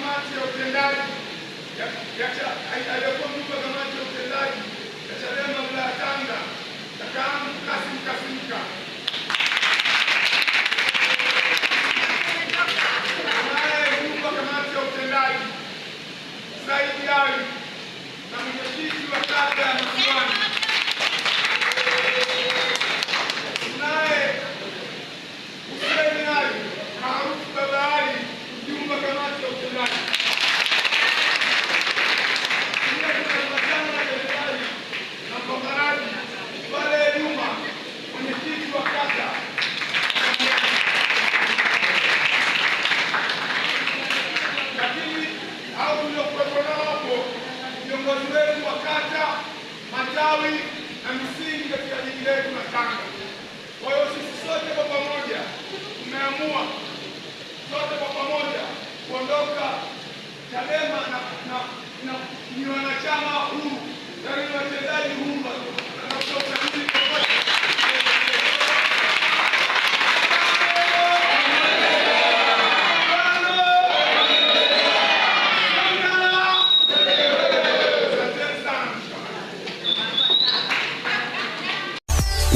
浜町軍団役者、はい、横綱 ustawi na misingi katika jiji letu la Tanga. Kwa hiyo sisi sote kwa pamoja tumeamua sote kwa pamoja kuondoka Chadema na ni wanachama huru, yaani ni wachezaji huru